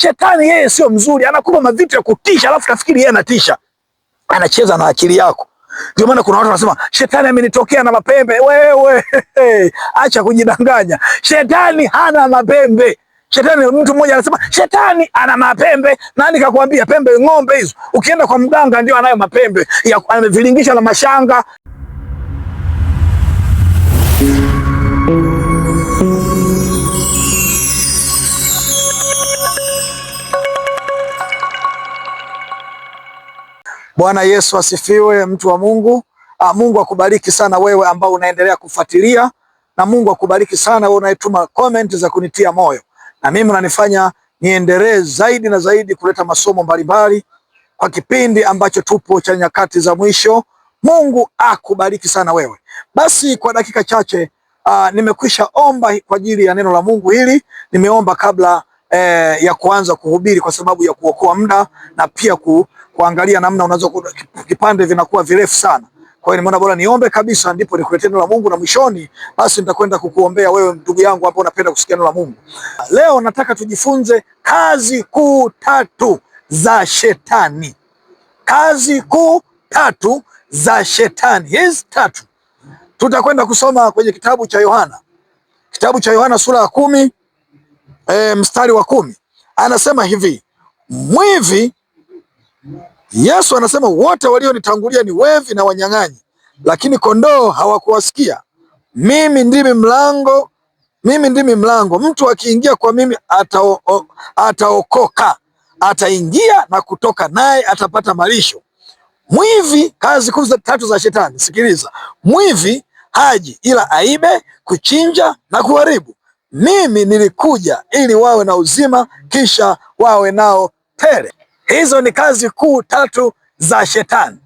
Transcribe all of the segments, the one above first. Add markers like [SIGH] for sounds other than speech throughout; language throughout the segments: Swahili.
Shetani yeye sio mzuri, anakupa mavitu ya kutisha, alafu tafikiri yeye anatisha, anacheza na akili yako. Ndio maana kuna watu wanasema shetani amenitokea na mapembe. Wewe acha kujidanganya, shetani hana mapembe. Shetani, mtu mmoja anasema shetani ana mapembe. Nani kakwambia? Pembe ng'ombe hizo, ukienda kwa mganga ndio anayo mapembe, amevilingisha na mashanga. Bwana Yesu asifiwe, mtu wa Mungu. A, ah, Mungu akubariki sana wewe ambao unaendelea kufuatilia, na Mungu akubariki sana wewe unayetuma comment za kunitia moyo, na mimi unanifanya niendelee zaidi na zaidi kuleta masomo mbalimbali kwa kipindi ambacho tupo cha nyakati za mwisho. Mungu akubariki sana wewe. Basi kwa dakika chache, uh, nimekwisha omba kwa ajili ya neno la Mungu hili. Nimeomba kabla eh, ya kuanza kuhubiri kwa sababu ya kuokoa muda na pia ku, kuangalia namna unaweza kipande vinakuwa virefu sana. Kwa hiyo nimeona bora niombe kabisa, ndipo nikuletee neno la Mungu, na mwishoni basi nitakwenda kukuombea wewe ndugu yangu hapo unapenda kusikia neno la Mungu. Leo nataka tujifunze kazi kuu tatu za shetani, kazi kuu tatu za shetani. Hizi tatu tutakwenda kusoma kwenye kitabu cha Yohana, kitabu cha Yohana sura ya kumi e, mstari wa kumi anasema hivi mwivi. Yesu anasema wote walionitangulia ni wevi na wanyang'anyi, lakini kondoo hawakuwasikia. Mimi ndimi mlango, mimi ndimi mlango. Mtu akiingia kwa mimi ataokoka, ataingia na kutoka, naye atapata malisho. Mwivi, kazi kuu tatu za Shetani, sikiliza. Mwivi haji ila aibe, kuchinja na kuharibu mimi nilikuja ili wawe na uzima, kisha wawe nao tele. Hizo ni kazi kuu tatu za shetani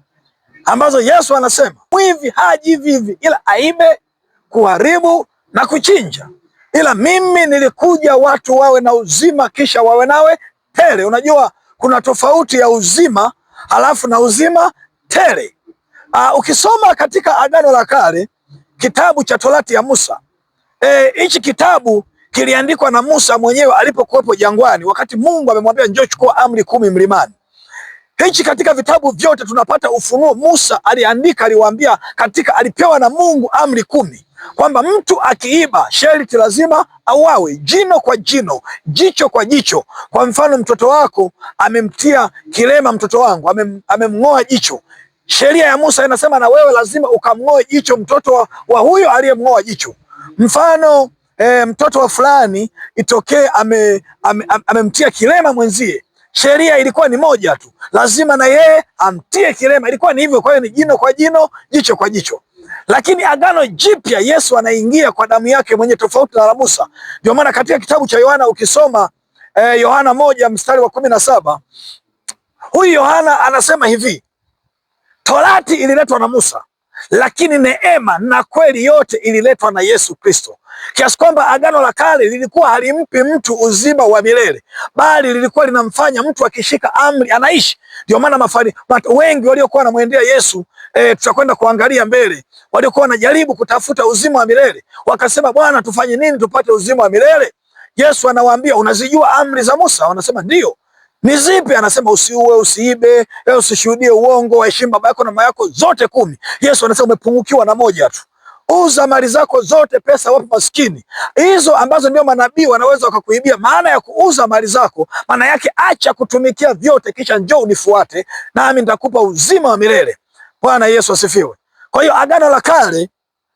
ambazo Yesu anasema mwivi haji hivi ila aibe, kuharibu na kuchinja, ila mimi nilikuja watu wawe na uzima, kisha wawe nawe tele. Unajua kuna tofauti ya uzima halafu na uzima tele. Aa, ah, ukisoma katika Agano la Kale, kitabu cha Torati ya Musa e, ichi kitabu kiliandikwa na Musa mwenyewe alipokuwepo jangwani, wakati Mungu amemwambia njoo chukua amri kumi mlimani. Hichi katika vitabu vyote tunapata ufunuo. Musa aliandika, aliwaambia katika, alipewa na Mungu amri kumi kwamba mtu akiiba sharti lazima auawe, jino kwa jino, jicho kwa jicho. Kwa mfano, mtoto wako amemtia kilema, mtoto wangu amem, amemng'oa jicho Sheria ya Musa inasema na wewe lazima ukamng'oe jicho mtoto wa, wa huyo aliyemng'oa jicho. Mfano e, mtoto wa fulani itokee amemtia ame, ame kilema mwenzie, sheria ilikuwa ni moja tu, lazima na yeye amtie kilema, ilikuwa ni hivyo. Kwa hiyo ni jino kwa jino, jicho kwa jicho. Lakini agano jipya Yesu anaingia kwa damu yake mwenye, tofauti na la Musa. Ndio maana katika kitabu cha Yohana ukisoma eh, Yohana eh, moja mstari wa kumi na saba huyu Yohana anasema hivi, torati ililetwa na Musa lakini neema na kweli yote ililetwa na Yesu Kristo, kiasi kwamba agano la kale lilikuwa halimpi mtu uzima wa milele, bali lilikuwa linamfanya mtu akishika amri anaishi. Ndio maana mafari wengi waliokuwa wanamwendea Yesu E, tutakwenda kuangalia mbele, waliokuwa wanajaribu kutafuta uzima wa milele wakasema, Bwana, tufanye nini tupate uzima wa milele? Yesu anawaambia, unazijua amri za Musa? Wanasema ndio. Ni zipi? Anasema usiue, usiibe, eh, usishuhudie uongo, waheshimu baba yako na mama yako, zote kumi. Yesu anasema umepungukiwa na moja tu, uza mali zako zote, pesa wapo maskini, hizo ambazo ndio manabii wanaweza wakakuibia. Maana ya kuuza mali zako, maana yake acha kutumikia vyote, kisha njoo unifuate, nami nitakupa uzima wa milele. Bwana Yesu asifiwe. Kwa hiyo agano la kale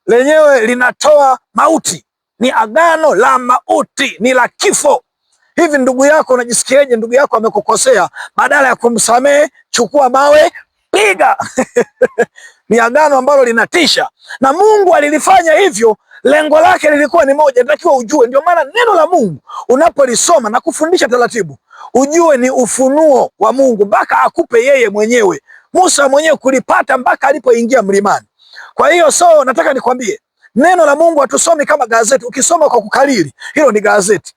lenyewe linatoa mauti, ni agano la mauti, ni la kifo hivi ndugu yako unajisikiaje? Ndugu yako amekukosea, badala ya kumsamehe, chukua mawe piga. [LAUGHS] Ni agano ambalo linatisha, na Mungu alilifanya hivyo. Lengo lake lilikuwa ni moja, natakiwa ujue. Ndio maana neno la Mungu unapolisoma na kufundisha taratibu, ujue ni ufunuo wa Mungu mpaka akupe yeye mwenyewe. Musa mwenyewe kulipata mpaka alipoingia mlimani. Kwa hiyo so nataka nikwambie neno la Mungu hatusomi kama gazeti. Ukisoma kwa kukalili, hilo ni gazeti.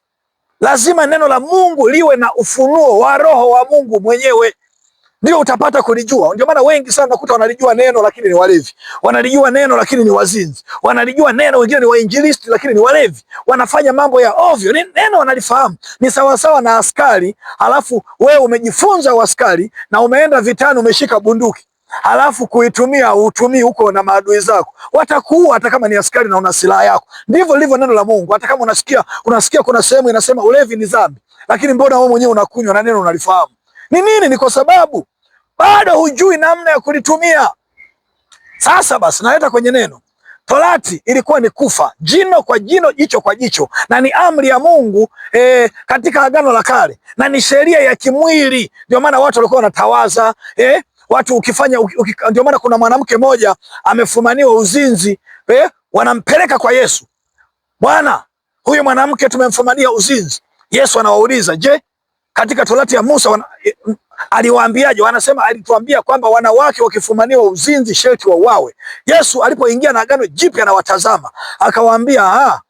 Lazima neno la Mungu liwe na ufunuo wa Roho wa Mungu mwenyewe, ndio utapata kulijua. Ndio maana wengi sana nakuta wanalijua neno lakini ni walevi, wanalijua neno lakini ni wazinzi, wanalijua neno, wengine ni wainjilisti lakini ni walevi, wanafanya mambo ya ovyo. Neno wanalifahamu. Ni sawasawa na askari, halafu wewe umejifunza uaskari na umeenda vitani, umeshika bunduki halafu kuitumia utumii huko na maadui zako, watakuua hata kama ni askari na una silaha yako. Ndivyo lilivyo neno la Mungu. Hata kama unasikia unasikia kuna sehemu inasema ulevi ni dhambi, lakini mbona wewe mwenyewe unakunywa na neno unalifahamu ni nini? Ni kwa sababu bado hujui namna ya kulitumia. Sasa basi, naleta kwenye neno Torati ilikuwa ni kufa jino kwa jino, jicho kwa jicho, na ni amri ya Mungu e, katika agano la kale, na ni sheria ya kimwili. Ndio maana watu walikuwa wanatawaza e, watu ukifanya uki, ndio maana kuna mwanamke mmoja amefumaniwa uzinzi eh, wanampeleka kwa Yesu. Bwana, huyu mwanamke tumemfumania uzinzi. Yesu anawauliza, je, katika torati ya Musa wana, eh, aliwaambiaje? Wanasema alituambia kwamba wanawake wakifumaniwa uzinzi sharti wauawe. Yesu alipoingia na agano jipya, anawatazama akawaambia, ah,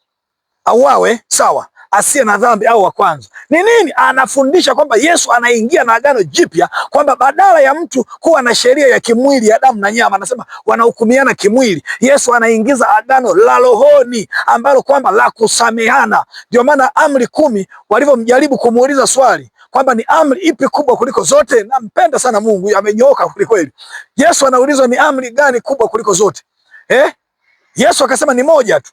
auawe sawa asiye na dhambi au wa kwanza. Ni nini? Anafundisha kwamba Yesu anaingia na agano jipya, kwamba badala ya mtu kuwa na sheria ya kimwili ya damu na nyama, anasema wanahukumiana kimwili. Yesu anaingiza agano la rohoni ambalo kwamba la kusamehana. Ndio maana amri kumi walivyomjaribu kumuuliza swali kwamba ni amri ipi kubwa kuliko zote? Nampenda sana Mungu, amenyooka kwelikweli. Yesu anaulizwa ni amri gani kubwa kuliko zote eh? Yesu akasema ni moja tu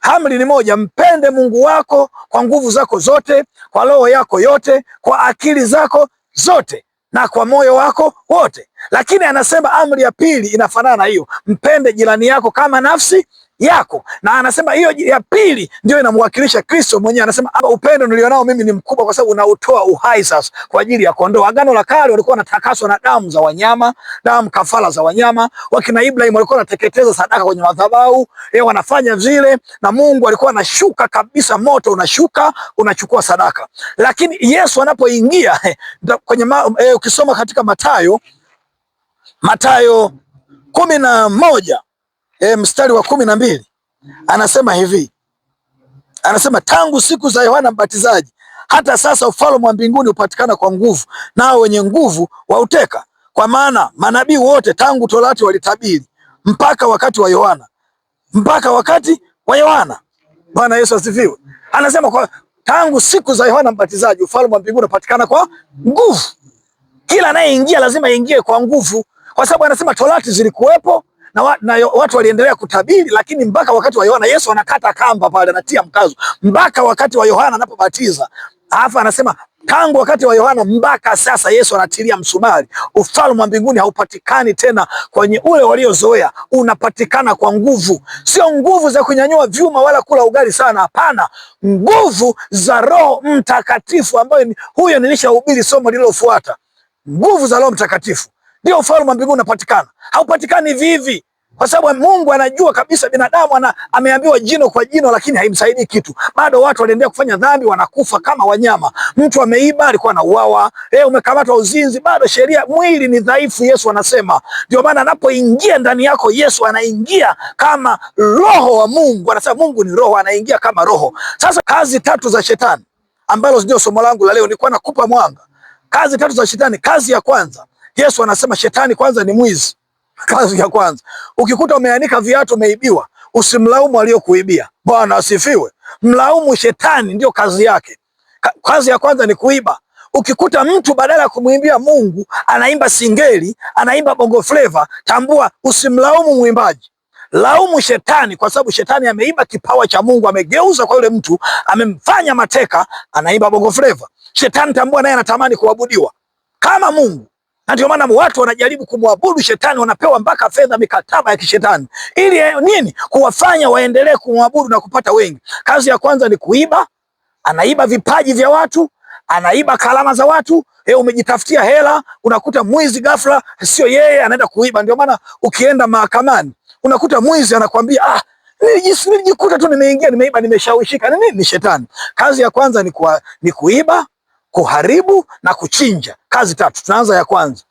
Amri ni moja, mpende Mungu wako kwa nguvu zako zote, kwa roho yako yote, kwa akili zako zote na kwa moyo wako wote. Lakini anasema amri ya pili inafanana na hiyo, mpende jirani yako kama nafsi yako, na anasema hiyo ya pili ndio inamwakilisha Kristo mwenyewe. Anasema aba, upendo nilionao mimi ni mkubwa, kwa sababu unautoa uhai sasa kwa ajili ya kondoo. Agano la Kale walikuwa wanatakaswa na damu za wanyama, damu kafara za wanyama. Wakina Ibrahim walikuwa wanateketeza sadaka kwenye madhabahu, yeye wanafanya vile, na Mungu alikuwa anashuka kabisa, moto unashuka unachukua sadaka. Lakini Yesu anapoingia kwenye eh, ukisoma eh, katika Mathayo Mathayo kumi na moja e, mstari wa kumi na mbili anasema hivi, anasema tangu siku za Yohana Mbatizaji hata sasa ufalme wa mbinguni hupatikana kwa nguvu, nao wenye nguvu wauteka. Kwa maana manabii wote tangu Torati walitabiri mpaka wakati wa Yohana, mpaka wakati wa Yohana. Bwana Yesu asifiwe. Anasema kwa tangu siku za Yohana Mbatizaji ufalme wa mbinguni hupatikana kwa nguvu. Kila anayeingia lazima aingie kwa nguvu, kwa sababu anasema Torati zilikuwepo, na, wa, na watu waliendelea kutabiri, lakini mpaka wakati wa Yohana Yesu anakata kamba pale, anatia mkazo mpaka wakati wa Yohana anapobatiza. Alafu anasema tangu wakati wa Yohana mpaka sasa Yesu anatilia msumari. Ufalme wa mbinguni haupatikani tena kwenye ule waliozoea, unapatikana kwa nguvu, sio nguvu za kunyanyua vyuma wala kula ugali sana, hapana, nguvu za Roho Mtakatifu, ambayo huyo nilishahubiri somo lililofuata, nguvu za Roho Mtakatifu ndio ufalme wa mbinguni unapatikana. Haupatikani vivi, kwa sababu Mungu anajua kabisa binadamu ana, ameambiwa jino kwa jino, lakini haimsaidii kitu. Bado watu waliendelea kufanya dhambi, wanakufa kama wanyama. Mtu ameiba wa alikuwa anauawa, eh, umekamatwa uzinzi, bado sheria, mwili ni dhaifu. Yesu anasema ndio maana anapoingia ndani yako, Yesu anaingia kama roho wa Mungu. Anasema Mungu ni roho, anaingia kama roho. Sasa kazi tatu za shetani ambalo ndio somo langu la leo, nilikuwa nakupa mwanga. Kazi tatu za shetani. Kazi ya kwanza Yesu anasema shetani kwanza ni mwizi. [LAUGHS] Kazi ya kwanza, ukikuta umeanika viatu umeibiwa, usimlaumu aliyokuibia. Bwana asifiwe. Mlaumu shetani, ndio kazi yake. Kazi ya kwanza ni kuiba. Ukikuta mtu badala ya kumwimbia Mungu anaimba singeli, anaimba bongo fleva, tambua, usimlaumu mwimbaji, laumu shetani, kwa sababu shetani ameiba kipawa cha Mungu, amegeuza kwa yule mtu, amemfanya mateka, anaimba bongo fleva. Shetani tambua, naye anatamani kuabudiwa kama Mungu na ndio maana watu wanajaribu kumwabudu shetani, wanapewa mpaka fedha, mikataba ya kishetani ili eh, nini? Kuwafanya waendelee kumwabudu na kupata wengi. Kazi ya kwanza ni kuiba, anaiba vipaji vya watu, anaiba karama za watu. E, umejitafutia hela, unakuta mwizi ghafla, sio yeye, anaenda kuiba. Ndio maana ukienda mahakamani unakuta mwizi anakwambia ah, nilijikuta tu nimeingia, nimeiba, nimeshawishika. Ni nini? Ni shetani. Kazi ya kwanza ni, kuwa, ni kuiba kuharibu na kuchinja. Kazi tatu. Tunaanza ya kwanza,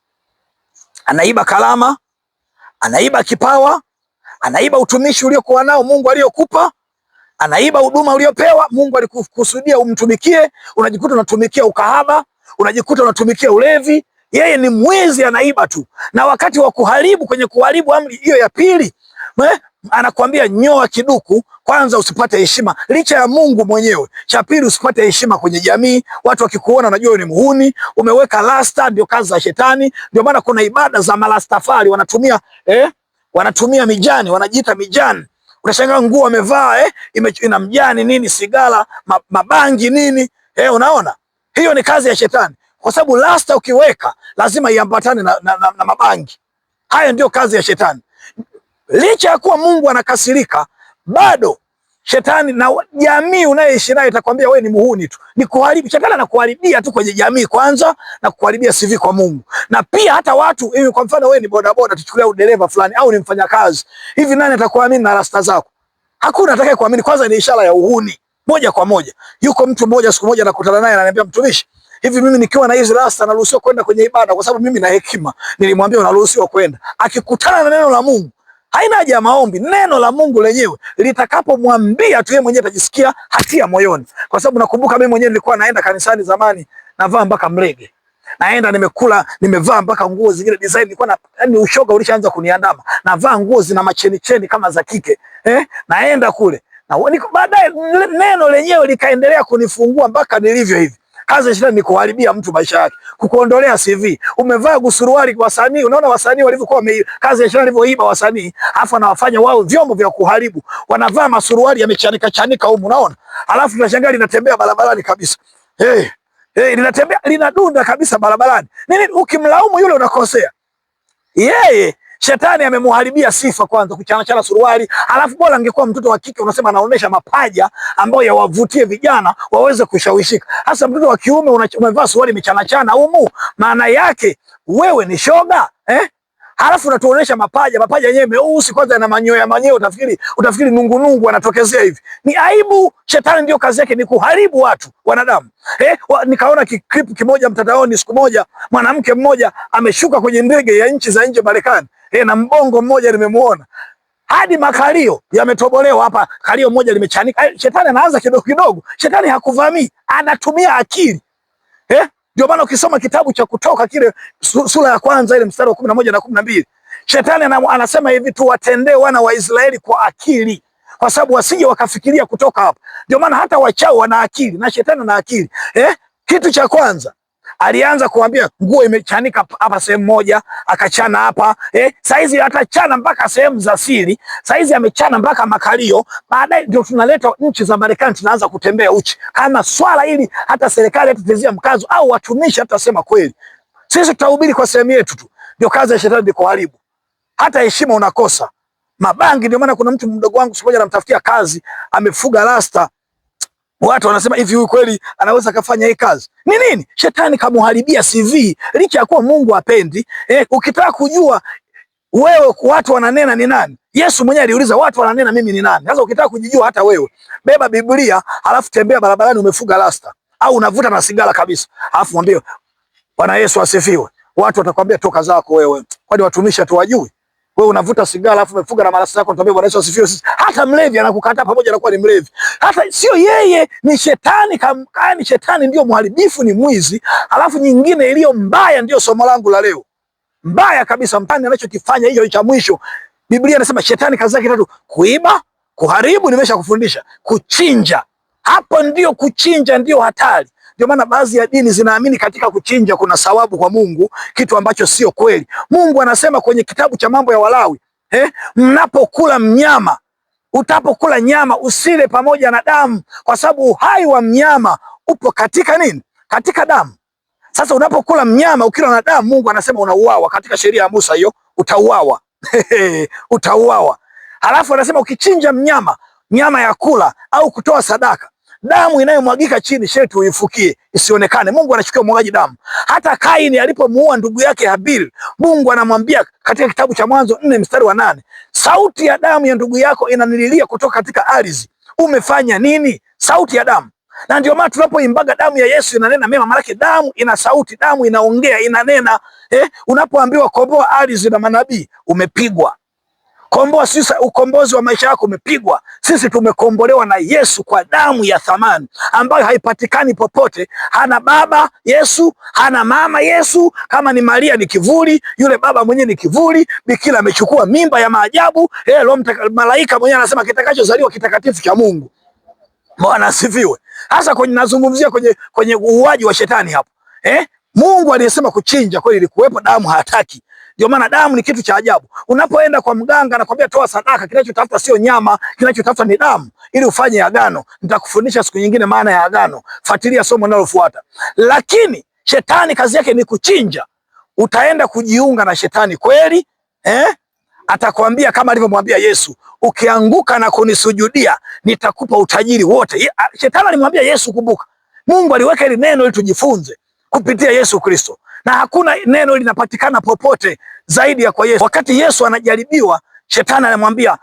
anaiba kalama, anaiba kipawa, anaiba utumishi uliokuwa nao Mungu aliyokupa, anaiba huduma uliopewa. Mungu alikusudia umtumikie, unajikuta unatumikia ukahaba, unajikuta unatumikia ulevi. Yeye ni mwizi, anaiba tu. Na wakati wa kuharibu, kwenye kuharibu amri hiyo ya pili, eh, anakwambia nyoa kiduku kwanza, usipate heshima licha ya Mungu mwenyewe. Cha pili, usipate heshima kwenye jamii, watu wakikuona wanajua ni muhuni, umeweka rasta. Ndio kazi za shetani. Ndio maana kuna ibada za malastafari wanatumia eh, wanatumia mijani, wanajiita mijani. Unashangaa nguo wamevaa eh, ime, ina mjani nini, sigara, mabangi nini eh, unaona hiyo ni kazi ya shetani, kwa sababu rasta ukiweka lazima iambatane na, na, na, na mabangi. Haya ndio kazi ya shetani. Licha ya kuwa Mungu anakasirika, bado shetani na jamii unayeishi nayo itakwambia wewe ni muhuni tu, ni kuharibu. Shetani anakuharibia tu kwenye jamii kwanza, na kuharibia CV kwa Mungu, na pia hata watu hivi. Kwa mfano, wewe ni bodaboda, tuchukulia udereva fulani, au ni mfanyakazi hivi, nani atakuamini na rasta zako? Hakuna atakayekuamini. Kwanza ni ishara ya uhuni moja kwa moja. Yuko mtu mmoja, siku moja nakutana naye, ananiambia mtumishi, hivi mimi nikiwa na hizi rasta naruhusiwa kwenda kwenye ibada? Kwa sababu mimi na hekima, nilimwambia unaruhusiwa kwenda. Akikutana na neno la Mungu haina haja ya maombi. Neno la Mungu lenyewe litakapomwambia tu, yeye mwenyewe atajisikia hatia moyoni, kwa sababu nakumbuka mimi mwenyewe nilikuwa naenda kanisani zamani, navaa mpaka mrege naenda nimekula nimevaa mpaka nguo zingine design nilikuwa na yani, ushoga ulishaanza kuniandama, navaa nguo zina macheni cheni kama za kike eh, naenda kule na baadaye neno lenyewe likaendelea kunifungua mpaka nilivyo hivi. Kazi ishirini ni kuharibia mtu maisha yake, kukuondolea CV. Umevaa gusuruali wasanii, unaona wasanii walivyokuwa wame kazi ya walivyoiba wasanii, afu anawafanya wao vyombo vya kuharibu. Wanavaa masuruali yamechanika chanika humu, unaona? Alafu tunashangaa linatembea barabarani kabisa. Hey, hey, linatembea linadunda kabisa barabarani. Nini? Ukimlaumu yule unakosea. Yeye yeah. Shetani amemuharibia sifa kwanza, kuchanachana suruali, alafu bora angekuwa mtoto wa kike, unasema anaonesha mapaja ambayo yawavutie vijana waweze kushawishika. Hasa mtoto wa kiume umevaa suruali imechanachana humu, maana yake wewe ni shoga eh? Halafu unatuonesha mapaja, mapaja yenyewe meusi kwanza, yana manyoya manyoya, utafikiri utafikiri nungunungu anatokezea hivi. Ni aibu. Shetani ndio kazi yake ni kuharibu watu wanadamu. Eh, wa, nikaona kiklipu kimoja mtandaoni siku moja, mwanamke mmoja ameshuka kwenye ndege ya nchi za nje Marekani, e, na mbongo mmoja nimemuona hadi makalio yametobolewa hapa, kalio moja limechanika. Eh, shetani anaanza kidogo kidogo, shetani hakuvamii, anatumia akili eh. Ndio maana ukisoma kitabu cha Kutoka kile sura ya kwanza ile mstari wa kumi na moja na kumi na mbili shetani anasema hivi, tuwatendee wana wa Israeli kwa akili, kwa sababu wasije wakafikiria kutoka hapa. Ndio maana hata wachao wana akili na shetani ana akili eh. Kitu cha kwanza alianza kumwambia nguo imechanika hapa sehemu moja, akachana hapa eh, saizi atachana mpaka sehemu za siri, saizi amechana mpaka makalio. Baadaye ndio tunaleta nchi za Marekani tunaanza kutembea uchi. Kama swala hili hata serikali hatutezia mkazo au watumishi hata sema kweli, sisi tutahubiri kwa sehemu yetu tu. Ndio kazi ya shetani, ndio kuharibu, hata heshima unakosa mabangi. Ndio maana kuna mtu mdogo wangu siku moja anamtafutia kazi, amefuga rasta Watu wanasema hivi, huyu kweli anaweza kafanya hii kazi? Ni nini? Shetani kamuharibia CV licha ya kuwa Mungu apendi. Eh, ukitaka kujua wewe watu wananena ni nani? Yesu mwenyewe aliuliza watu wananena mimi ni nani? Sasa ukitaka kujijua hata wewe, beba Biblia halafu tembea barabarani umefuga rasta au unavuta na sigara kabisa. alafu mwambie Bwana Yesu asifiwe. Watu watakwambia toka zako wewe. Kwani watumishi hatuwajui? Wewe unavuta sigara alafu umefunga na marasi yako, tuambie Bwana Yesu asifiwe. Sisi hata mlevi anakukata pamoja na kuwa ni mlevi, hata sio yeye, ni shetani kamkaa, ni shetani ndio mharibifu, ni mwizi. Alafu nyingine iliyo mbaya, ndio somo langu la leo, mbaya kabisa, mtani anachokifanya hiyo cha mwisho. Biblia inasema shetani kazi yake tatu: kuiba, kuharibu, nimeshakufundisha, kuchinja. Hapo ndio kuchinja, ndio hatari ndio maana baadhi ya dini zinaamini katika kuchinja kuna sawabu kwa Mungu, kitu ambacho sio kweli. Mungu anasema kwenye kitabu cha mambo ya Walawi eh, mnapokula mnyama, utapokula nyama usile pamoja na damu, kwa sababu uhai wa mnyama upo katika nini? Katika damu. Sasa unapokula mnyama ukila na damu, Mungu anasema unauawa. Katika sheria ya Musa hiyo, utauawa [LAUGHS] utauawa. Halafu anasema ukichinja mnyama, nyama ya kula au kutoa sadaka damu inayomwagika chini sharti uifukie isionekane. Mungu anachukia umwagaji damu. Hata Kaini alipomuua ndugu yake Habil, Mungu anamwambia katika kitabu cha Mwanzo nne mstari wa nane sauti ya damu ya ndugu yako inanililia kutoka katika ardhi, umefanya nini? Sauti ya damu. Na ndio maana tunapoimbaga damu ya Yesu inanena mema, maanake damu ina sauti, damu inaongea, inanena. Eh, unapoambiwa komboa ardhi na manabii, umepigwa Komboa sisi, ukombozi wa maisha yako umepigwa. Sisi tumekombolewa na Yesu kwa damu ya thamani ambayo haipatikani popote. Hana baba Yesu, hana mama Yesu. Kama ni Maria ni kivuli, yule baba mwenyewe ni kivuli. Bikira amechukua mimba ya maajabu. Yeye eh, roho malaika mwenyewe anasema kitakachozaliwa kitakatifu cha Mungu. Bwana asifiwe. Hasa kwenye nazungumzia kwenye kwenye uuaji wa shetani hapo. Eh? Mungu aliyesema kuchinja kweli ilikuwepo, damu hataki. Ndio maana damu ni kitu cha ajabu. Unapoenda kwa mganga anakwambia toa sadaka, kinachotafuta sio nyama, kinachotafuta ni damu ili ufanye agano. Nitakufundisha siku nyingine maana ya agano, fuatilia somo linalofuata. Lakini shetani kazi yake ni kuchinja. Utaenda kujiunga na shetani kweli, eh? Atakwambia kama alivyomwambia Yesu, ukianguka na kunisujudia nitakupa utajiri wote. Shetani alimwambia Yesu, kumbuka Mungu aliweka hili neno ili tujifunze kupitia Yesu Kristo na hakuna neno linapatikana popote zaidi ya kwa Yesu. Wakati Yesu anajaribiwa, shetani anamwambia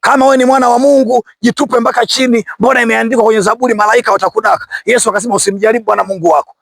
kama wewe ni mwana wa Mungu jitupe mpaka chini, mbona imeandikwa kwenye Zaburi malaika watakunaka. Yesu akasema usimjaribu Bwana Mungu wako.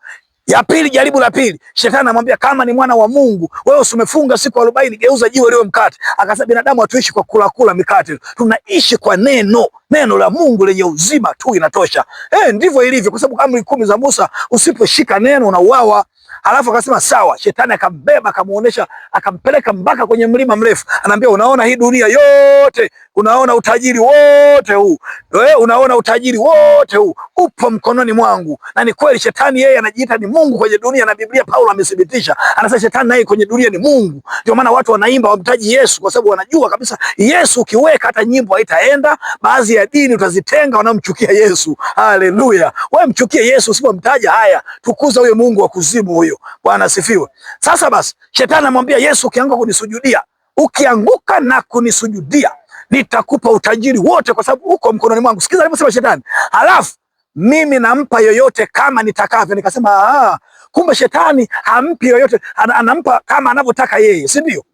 Ya pili, jaribu la pili, shetani anamwambia kama ni mwana wa Mungu wewe usimefunga siku arobaini, geuza jiwe liwe mkate. Akasema binadamu hatuishi kwa kula kula mikate, tunaishi kwa neno. Neno la Mungu lenye uzima tu inatosha. Eh, ndivyo ilivyo, kwa sababu amri kumi za Musa usiposhika neno unauawa. Alafu akasema sawa. Shetani akambeba akamuonesha, akampeleka mpaka kwenye mlima mrefu, anaambia unaona, hii dunia yote unaona utajiri wote huu we, unaona utajiri wote huu upo mkononi mwangu. Na ni kweli, shetani yeye anajiita ni mungu kwenye dunia, na Biblia Paulo amethibitisha, anasema shetani naye kwenye dunia ni mungu. Ndio maana watu wanaimba wamtaji Yesu, kwa sababu wanajua kabisa Yesu ukiweka hata nyimbo haitaenda. Baadhi ya dini utazitenga wanamchukia Yesu. Haleluya, wewe mchukie Yesu usipomtaja. Haya, tukuza huyo mungu wa kuzimu huyo. Bwana asifiwe. Sasa basi, shetani anamwambia Yesu, ukianguka kunisujudia, ukianguka na kunisujudia nitakupa utajiri wote kwa sababu uko mkononi mwangu. Sikiza alivyosema shetani, halafu mimi nampa yoyote kama nitakavyo. Nikasema ah, kumbe shetani hampi yoyote, anampa kama anavyotaka yeye, si ndio?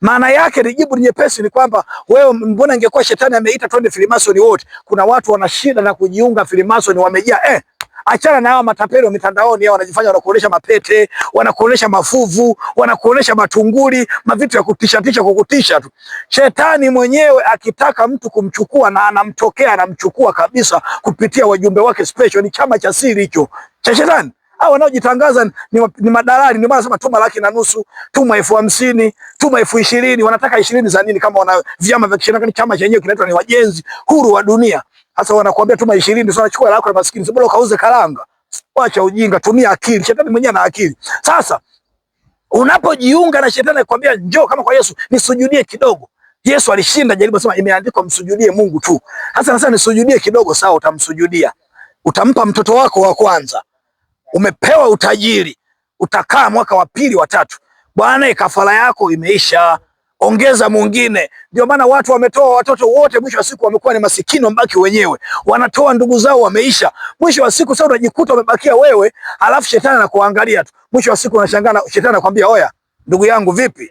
Maana yake ni jibu nyepesi, ni kwamba wewe, mbona ingekuwa shetani ameita twende Freemason wote? Kuna watu wana shida na kujiunga Freemason, wamejaa eh Achana na hawa matapeli wa mitandaoni, hao wanajifanya wanakuonesha mapete, wanakuonesha mafuvu, wanakuonesha matunguli, mavitu ya kutishatisha, kukutisha tu. Shetani mwenyewe akitaka mtu kumchukua na anamtokea, anamchukua kabisa kupitia wajumbe wake special. Ni chama cha siri hicho cha shetani. Hao wanaojitangaza ni, ni madalali. Ndio maana nasema tuma laki na nusu, tuma elfu hamsini, tuma elfu ishirini. Wanataka ishirini za nini kama wana vyama vya kishirika, ni Chama chenyewe kinaitwa ni Wajenzi Huru wa Dunia. Sasa wanakuambia tuma ishirini, sasa chukua lako na maskini, sio bora ukauze karanga. Wacha ujinga, tumia akili. Shetani mwenyewe ana akili. Sasa unapojiunga na shetani akwambia njoo kama kwa Yesu nisujudie kidogo. Yesu alishinda jaribu, sema imeandikwa msujudie Mungu tu. Hasa nasema nisujudie kidogo, sawa, utamsujudia. Utampa mtoto wako wa kwanza umepewa utajiri, utakaa mwaka wa pili wa tatu, bwana, kafara yako imeisha, ongeza mwingine. Ndio maana watu wametoa watoto wote, mwisho wa siku wamekuwa ni masikini, wabaki wenyewe. Wanatoa ndugu zao, wameisha. Mwisho wa siku sasa unajikuta umebakia wewe, alafu shetani anakuangalia tu. Mwisho wa siku unashangaa, shetani anakwambia oya, ndugu yangu, vipi?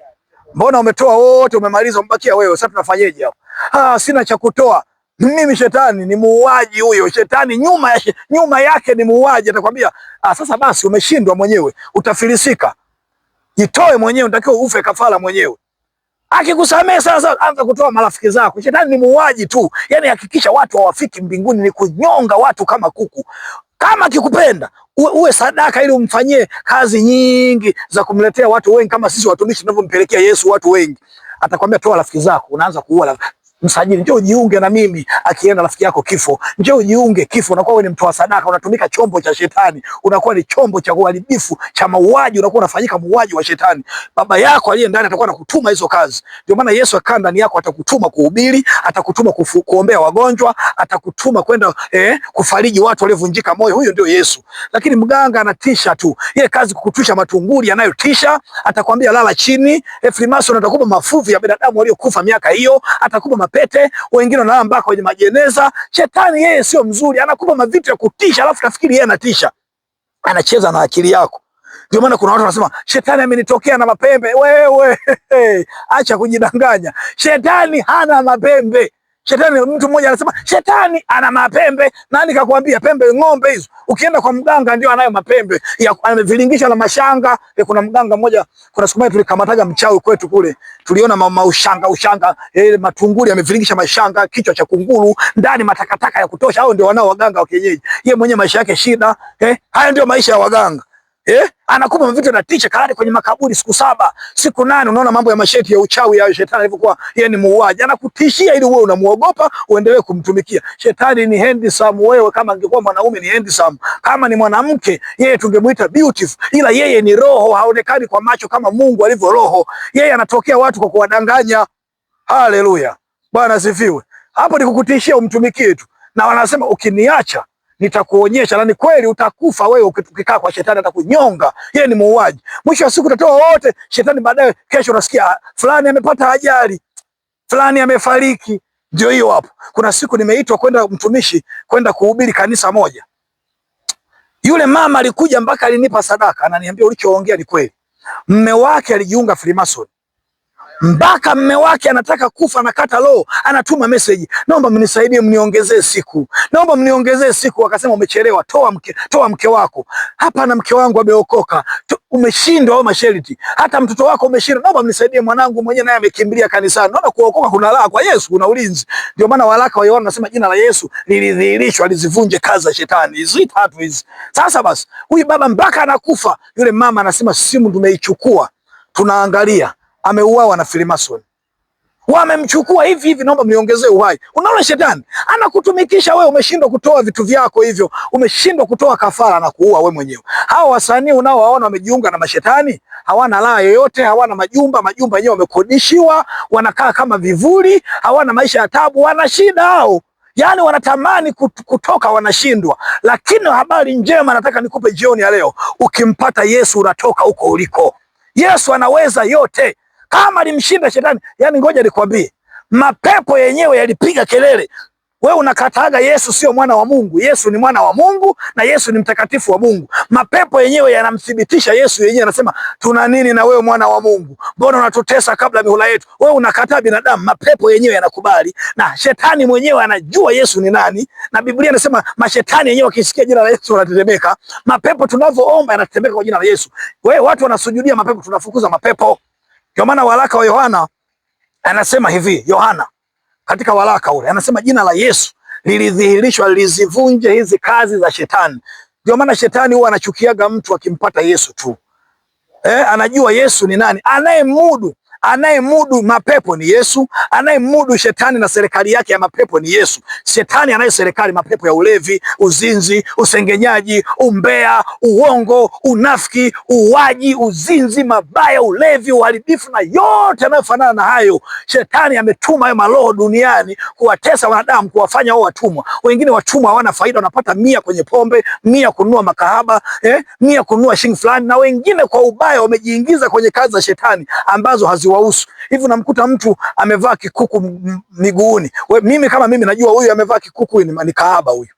Mbona umetoa wote, umemaliza, umebakia wewe, sasa tunafanyeje hapo? Ah, sina cha kutoa. Mimi shetani ni muuaji huyo. Shetani nyuma, ya she, nyuma yake ni muuaji. Atakwambia ah, sasa basi umeshindwa mwenyewe, utafilisika, jitoe mwenyewe, unatakiwa ufe kafara mwenyewe. Akikusamehe sana, anza kutoa marafiki zako. Shetani ni muuaji tu, yani hakikisha watu hawafiki mbinguni, ni kunyonga watu kama kuku. Kama kikupenda uwe sadaka, ili umfanyie kazi nyingi za kumletea watu wengi, kama sisi watumishi tunavyompelekea Yesu watu wengi. Atakwambia toa rafiki zako, unaanza kuua msajili, njoo ujiunge na mimi. Akienda rafiki yako kifo, njoo ujiunge kifo. Unakuwa wewe ni mtoa sadaka, unatumika chombo cha shetani, unakuwa ni chombo cha uharibifu cha mauaji, unakuwa unafanyika muuaji wa shetani. Baba yako aliye ndani atakuwa anakutuma hizo kazi. Ndio maana Yesu akaa ndani yako, atakutuma kuhubiri, atakutuma kufu, kuombea wagonjwa, atakutuma kwenda eh, kufariji watu waliovunjika moyo. Huyo ndio Yesu. Lakini mganga anatisha tu, ile kazi kukutisha matunguri yanayotisha, atakwambia lala chini. Eh, Freemason atakupa mafuvu ya binadamu waliokufa miaka hiyo, atakupa pete wengine wanalala mpaka kwenye majeneza. Shetani yeye sio mzuri, anakupa mavitu ya kutisha, alafu nafikiri yeye anatisha, anacheza na akili yako. Ndio maana kuna watu wanasema shetani amenitokea na mapembe. Wewe [LAUGHS] acha kujidanganya, shetani hana mapembe. Shetani, mtu mmoja anasema shetani ana mapembe. Nani kakwambia pembe? Ng'ombe hizo, ukienda kwa mganga ndio anayo mapembe, amevilingisha na mashanga. E, Kuna mganga mmoja, kuna siku moja tulikamataga mchawi kwetu kule, tuliona ma ushanga ushanga, e, matunguli amevilingisha mashanga, kichwa cha kunguru ndani, matakataka ya kutosha. Hao ndio wanao waganga wa kienyeji, yeye mwenye maisha yake shida. Eh, haya ndio maisha ya waganga eh, anakupa mavitu na ticha karate kwenye makaburi siku saba siku nane. Unaona mambo ya masheti ya uchawi ya shetani alivyokuwa yeye ni muuaji, anakutishia ili wewe unamuogopa uendelee kumtumikia shetani. Ni handsome wewe, kama angekuwa mwanaume ni handsome, kama ni mwanamke yeye tungemuita beautiful, ila yeye ni roho, haonekani kwa macho kama Mungu alivyo roho. Yeye anatokea watu kwa kuwadanganya. Haleluya, Bwana asifiwe. Hapo ni kukutishia umtumikie tu, na wanasema ukiniacha nitakuonyesha, na ni kweli utakufa wewe ukikaa kwa shetani, atakunyonga yeye, ni muuaji. Mwisho wa siku utatoa wote shetani, baadaye kesho unasikia fulani amepata ajali, fulani amefariki. Ndio hiyo hapo. Kuna siku nimeitwa kwenda mtumishi, kwenda kuhubiri kanisa moja. Yule mama alikuja mpaka alinipa sadaka, ananiambia ulichoongea ni kweli. Mme wake alijiunga Freemason mpaka mme wake anataka kufa, anakata roho, anatuma message, naomba mnisaidie, mniongezee siku, naomba mniongezee siku. Akasema umechelewa, toa mke, toa mke wako. Hapa na mke wangu ameokoka, umeshindwa au masharti. Hata mtoto wako umeshindwa, naomba mnisaidie, mwanangu mwenyewe naye amekimbilia kanisani. Naona kuokoka kuna raha kwa Yesu, kuna ulinzi. Ndio maana waraka wa Yohana unasema jina la Yesu lilidhihirishwa lizivunje kazi za shetani hizi tatu hizi. Sasa basi, huyu baba mpaka anakufa, yule mama anasema simu tumeichukua, tunaangalia ameuawa na Freemason. Wamemchukua hivi hivi, naomba mniongezee uhai. Unaona shetani anakutumikisha wewe, umeshindwa kutoa vitu vyako hivyo, umeshindwa kutoa kafara na kuua wewe mwenyewe. Hao wasanii unaowaona wamejiunga na mashetani, hawana laa yoyote, hawana majumba, majumba yenyewe wamekodishiwa, wanakaa kama vivuli, hawana maisha ya tabu, wana shida hao. Yaani wanatamani kutoka wanashindwa, lakini habari njema nataka nikupe jioni ya leo, ukimpata Yesu unatoka huko uliko. Yesu anaweza yote. Kama alimshinda shetani, yani ngoja nikwambie, mapepo yenyewe yalipiga kelele. wewe unakataaga Yesu sio mwana wa Mungu. Yesu ni mwana wa Mungu na Yesu ni mtakatifu wa Mungu. Mapepo yenyewe yanamthibitisha Yesu yenyewe, anasema tuna nini na wewe mwana wa Mungu? Mbona unatutesa kabla mihula yetu? Wewe unakataa binadamu, mapepo yenyewe yanakubali, na shetani mwenyewe anajua Yesu ni nani, na Biblia inasema mashetani yenyewe wakisikia jina la Yesu wanatetemeka. Mapepo tunavyoomba yanatetemeka kwa jina la Yesu. Wewe watu wanasujudia mapepo, tunafukuza mapepo. Ndio maana waraka wa Yohana anasema hivi, Yohana katika waraka ule anasema jina la Yesu lilidhihirishwa lizivunje hizi kazi za shetani. Ndio maana shetani huwa anachukiaga mtu akimpata Yesu tu. Eh, anajua Yesu ni nani anayemudu Anayemudu mapepo ni Yesu, anayemudu shetani na serikali yake ya mapepo ni Yesu. Shetani anaye serikali mapepo ya ulevi, uzinzi, usengenyaji, umbea, uongo, unafiki, uwaji, uzinzi, mabaya, ulevi, uharibifu na yote yanayofanana na hayo. Shetani ametuma hayo maroho duniani kuwatesa wanadamu, kuwafanya wao watumwa. Wengine watumwa hawana faida, wanapata mia kwenye pombe, mia kununua makahaba, eh, mia kununua shilingi fulani, na wengine kwa ubaya wamejiingiza kwenye kazi za shetani ambazo hazi haziwahusu. Hivi namkuta mtu amevaa kikuku miguuni. Mimi kama mimi najua huyu amevaa kikuku ni kaaba huyu.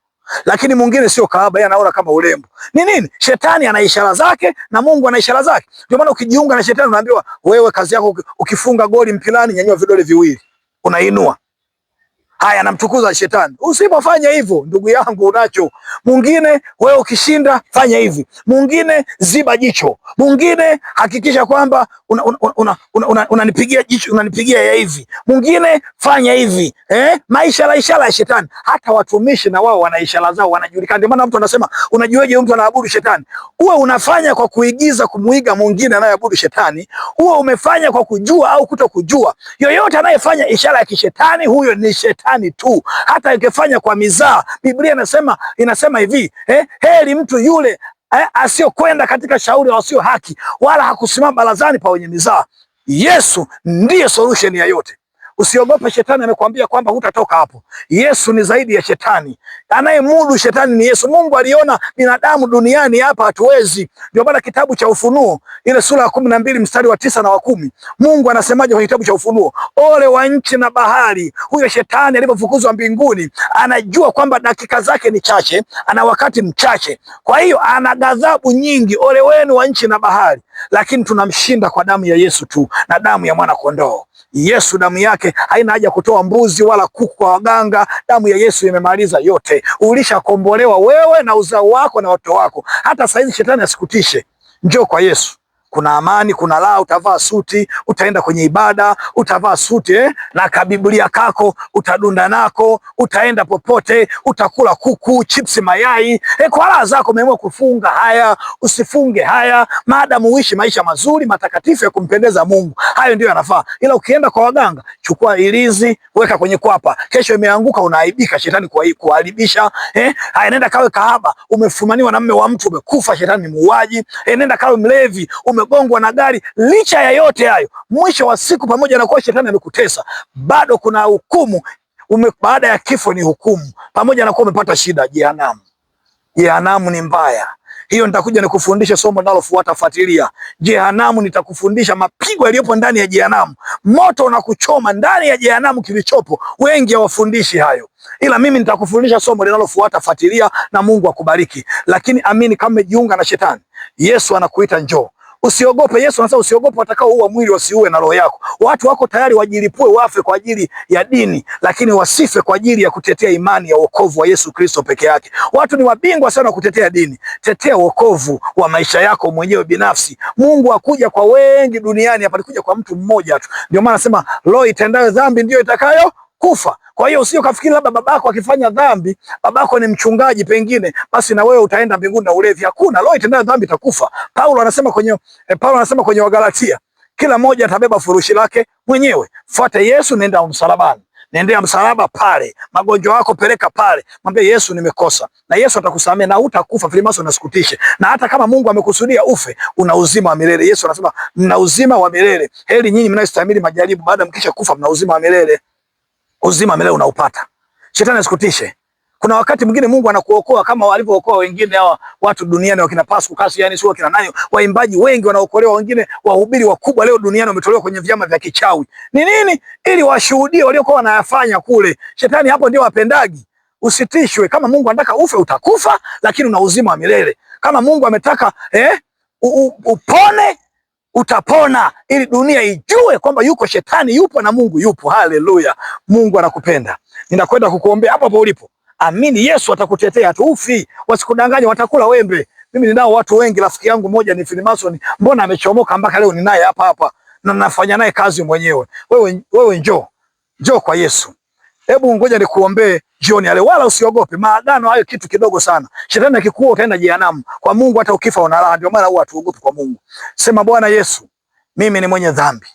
Lakini mwingine sio kaaba, yeye anaona kama urembo. Ni nini? Shetani ana ishara zake na Mungu ana ishara zake. Ndio maana ukijiunga na shetani unaambiwa wewe kazi yako ukifunga goli mpilani, nyanyua vidole viwili. Unainua. Haya, anamtukuza shetani. Usipofanya hivyo, ndugu yangu, unacho mwingine. Wewe ukishinda, fanya hivi, mwingine ziba jicho, mwingine hakikisha kwamba unanipigia jicho, unanipigia ya hivi, mwingine fanya hivi eh? Maishara, ishara ya shetani. Hata watumishi na wao wana ishara zao, wanajulikana. Ndio maana mtu anasema, unajuaje mtu anaabudu shetani? Uwe unafanya kwa kuigiza, kumuiga mwingine anayeabudu shetani, uwe umefanya kwa kujua au kutokujua. Yoyote anayefanya ishara ya kishetani, huyo ni shetani shetani tu, hata ingefanya kwa mizaa. Biblia inasema inasema hivi eh, heri mtu yule eh, asiyokwenda katika shauri ya wasio haki, wala hakusimama barazani pa wenye mizaa. Yesu ndiye solution ya yote. Usiogope shetani, amekwambia kwamba hutatoka hapo. Yesu ni zaidi ya shetani, anayemudu shetani ni Yesu. Mungu aliona binadamu duniani hapa hatuwezi. Ndio maana kitabu cha Ufunuo ile sura ya kumi na mbili mstari wa tisa na wa kumi Mungu anasemaje kwenye kitabu cha Ufunuo? Ole wa nchi na bahari, huyo shetani alivyofukuzwa mbinguni, anajua kwamba dakika zake ni chache, ana wakati mchache, kwa hiyo ana ghadhabu nyingi. Ole wenu wa nchi na bahari, lakini tunamshinda kwa damu ya Yesu tu na damu ya mwana kondoo. Yesu damu yake haina haja kutoa mbuzi wala kuku kwa waganga. Damu ya Yesu imemaliza yote. Ulishakombolewa wewe na uzao wako na watoto wako. Hata saizi shetani asikutishe, njoo kwa Yesu kuna amani, kuna raha. Utavaa suti, utaenda kwenye ibada, utavaa suti eh? na kabiblia kako utadunda nako, utaenda popote, utakula kuku, chipsi, mayai eh, kwa raha zako. Umeamua kufunga haya, usifunge haya, maadamu uishi maisha mazuri matakatifu ya kumpendeza Mungu. Hayo ndio yanafaa, ila ukienda kwa waganga, chukua ilizi, weka kwenye kwapa, kesho imeanguka, unaaibika, shetani kuharibisha eh? Haya, nenda kawe kahaba, umefumaniwa na mume wa mtu, umekufa, shetani ni muuaji eh, nenda kawe mlevi ume umegongwa na gari. Licha ya yote hayo, mwisho wa siku, pamoja na kuwa shetani amekutesa, bado kuna hukumu ume, baada ya kifo ni hukumu, pamoja na kuwa umepata shida. Jehanamu, jehanamu ni mbaya hiyo nitakuja nikufundishe somo linalofuata, fuatilia. Jehanamu nitakufundisha mapigo yaliyopo ndani ya jehanamu, moto unakuchoma ndani ya jehanamu, kilichopo wengi hawafundishi hayo, ila mimi nitakufundisha somo linalofuata, fuatilia na Mungu akubariki. Lakini amini, kama umejiunga na shetani, Yesu anakuita njoo. Usiogope. Yesu anasema usiogope watakao uwa mwili wasiue na roho yako. Watu wako tayari wajilipue, wafe kwa ajili ya dini, lakini wasife kwa ajili ya kutetea imani ya wokovu wa Yesu Kristo peke yake. Watu ni wabingwa sana kutetea dini. Tetea wokovu wa maisha yako mwenyewe binafsi. Mungu akuja kwa wengi duniani hapa, alikuja kwa mtu mmoja tu. Ndio maana anasema roho itendayo dhambi ndiyo itakayo kufa. Kwa hiyo usije ukafikiri labda babako akifanya dhambi, babako ni mchungaji pengine, basi na wewe utaenda mbinguni na ulevi. Hakuna, roho itendayo dhambi itakufa. Paulo anasema kwenye eh, Paulo anasema kwenye Wagalatia, kila mmoja atabeba furushi lake mwenyewe. Fuate Yesu, nenda msalabani Nendea msalaba pale, magonjwa yako peleka pale, mwambie Yesu nimekosa, na Yesu atakusamea na utakufa. Filimaso nasikutishe, na hata kama Mungu amekusudia ufe, una uzima wa milele. Yesu anasema mna uzima wa milele, heri nyinyi mnaostahimili majaribu, baada mkisha kufa mna uzima wa milele uzima milele unaupata. Shetani asikutishe. Kuna wakati mwingine Mungu anakuokoa kama walivyookoa wengine hawa watu duniani wakina Pascal Kasi, yani sio wakina nani, waimbaji wengi wanaokolewa, wengine wahubiri wakubwa leo duniani wametolewa kwenye vyama vya kichawi. Ni nini? Ili washuhudie waliokuwa wanayafanya kule. Shetani hapo ndio wapendagi. Usitishwe, kama Mungu anataka ufe utakufa, lakini una uzima wa milele. Kama Mungu ametaka eh, upone utapona, ili dunia ijue kwamba yuko shetani yupo na Mungu yupo. Haleluya! Mungu anakupenda. Ninakwenda kukuombea hapo hapo ulipo. Amini Yesu atakutetea tu, ufi wasikudanganya, watakula wembe. Mimi ninao watu wengi, rafiki yangu moja ni Freemason, mbona amechomoka mpaka leo ninaye hapa hapa na nafanya naye kazi mwenyewe. Wewe wewe, njoo njoo kwa Yesu. Hebu ngoja nikuombee jioni yale, wala usiogope maagano hayo, kitu kidogo sana. Shetani akikuua utaenda jehanamu, kwa Mungu hata ukifa unalala. Ndio maana huwa hatuogopi kwa Mungu. Sema, Bwana Yesu, mimi ni mwenye dhambi,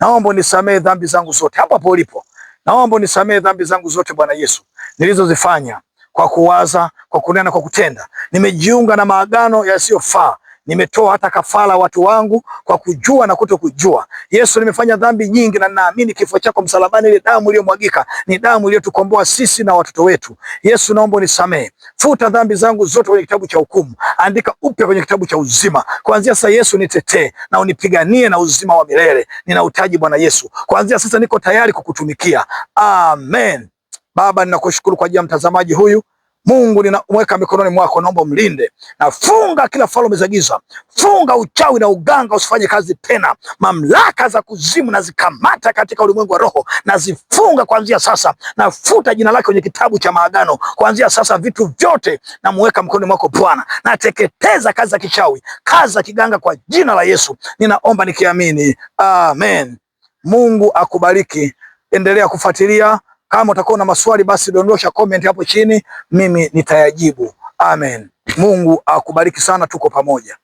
naomba unisamehe dhambi zangu zote. Hapo hapo ulipo, naomba unisamehe dhambi zangu zote Bwana Yesu nilizozifanya kwa kuwaza, kwa kunena, kwa kutenda. Nimejiunga na maagano yasiyofaa nimetoa hata kafara watu wangu kwa kujua na kutokujua. Yesu, nimefanya dhambi nyingi, na naamini kifo chako msalabani, ile damu iliyomwagika ni damu iliyotukomboa sisi na watoto wetu. Yesu, naomba unisamehe, futa dhambi zangu zote kwenye kitabu cha hukumu, andika upya kwenye kitabu cha uzima. Kuanzia sasa, Yesu, nitetee na unipiganie na uzima wa milele. Ninahitaji Bwana Yesu, kuanzia sasa niko tayari kukutumikia. Amen. Baba, ninakushukuru kwa ajili ya mtazamaji huyu Mungu ninamweka mikononi mwako, naomba mlinde na funga kila falme za giza, funga uchawi na uganga usifanye kazi tena. Mamlaka za kuzimu na zikamata katika ulimwengu wa roho na zifunga kuanzia sasa. Nafuta jina lake kwenye kitabu cha maagano kuanzia sasa. Vitu vyote namuweka mikononi mwako Bwana, nateketeza kazi za kichawi, kazi za kiganga kwa jina la Yesu ninaomba nikiamini, amen. Mungu akubariki, endelea kufuatilia kama utakuwa na maswali, basi dondosha comment hapo chini, mimi nitayajibu. Amen. Mungu akubariki sana, tuko pamoja.